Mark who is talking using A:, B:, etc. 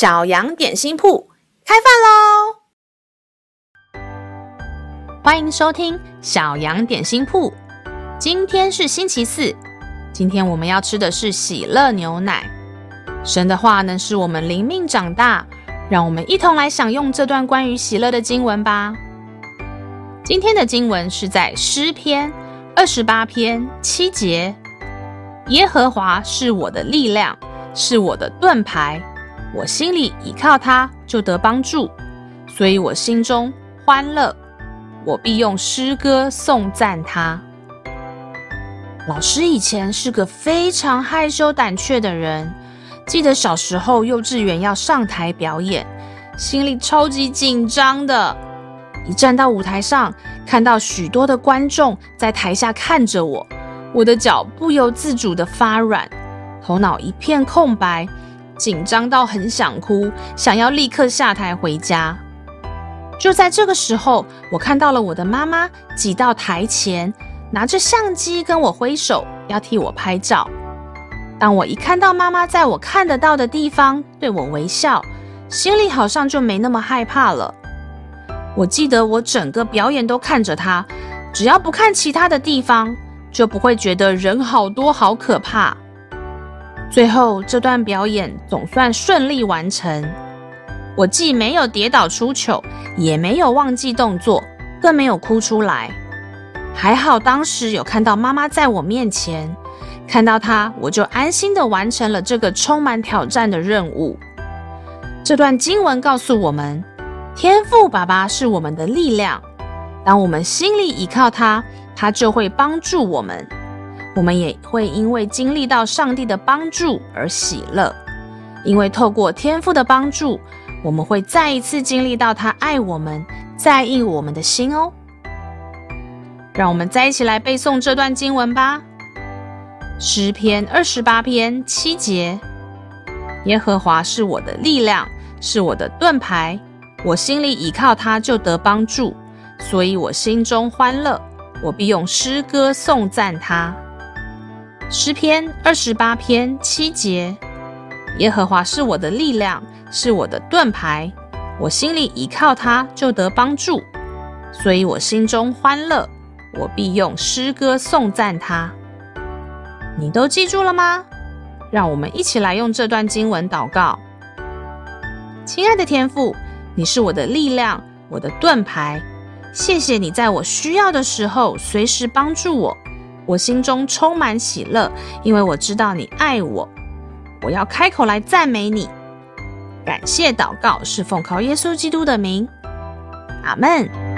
A: 小羊點心鋪開飯嘍！歡迎收聽小羊點心鋪。今天是星期四，今天我們要吃的是喜樂牛奶。神的話能使我們靈命長大，讓我們一同來享用這段關於喜樂的經文吧。今天的經文是在詩篇二十八篇七節：耶和華是我的力量，是我的盾牌。我心裡倚靠他，就得幫助，所以我心中歡樂，我必用詩歌頌讚他。老師以前是個非常害羞膽怯的人，記得小時候幼稚園要上台表演，心裡超級緊張的，一站到舞台上，看到許多的觀眾在台下看着我，我的腳不由自主的發軟，頭腦一片空白。緊張到很想哭，想要立刻下台回家。就在這個時候，我看到了我的媽媽擠到台前，拿着相機跟我揮手，要替我拍照。當我一看到媽媽在我看得到的地方對我微笑，心裡好像就沒那麼害怕了。我記得我整個表演都看着她，只要不看其他的地方，就不會覺得人好多好可怕。最後，這段表演總算順利完成。我既沒有跌倒出糗，也沒有忘記動作，更沒有哭出來。還好當時有看到媽媽在我面前，看到她，我就安心的完成了這個充滿挑戰的任務。這段經文告訴我們，天父爸爸是我們的力量，當我們心裡依靠他，他就會幫助我們。我們也會因為經歷到上帝的幫助而喜樂，因為透過天父的幫助，我們會再一次經歷到他愛我們，在意我們的心哦。讓我們再一起來背誦這段經文吧，《詩篇》二十八篇七節：“耶和華是我的力量，是我的盾牌，我心裡倚靠他，就得幫助，所以我心中歡樂，我必用詩歌頌讚他。”詩篇二十八篇七節：耶和華是我的力量，是我的盾牌，我心裡倚靠他，就得幫助。所以我心中歡樂，我必用詩歌頌讚他。你都記住了嗎？讓我們一起來用這段經文禱告：親愛的天父，你是我的力量，我的盾牌，謝謝你在我需要的時候隨時幫助我。我心中充滿喜樂，因為我知道你愛我。我要開口來讚美你，感謝禱告是奉靠耶穌基督的名，阿門。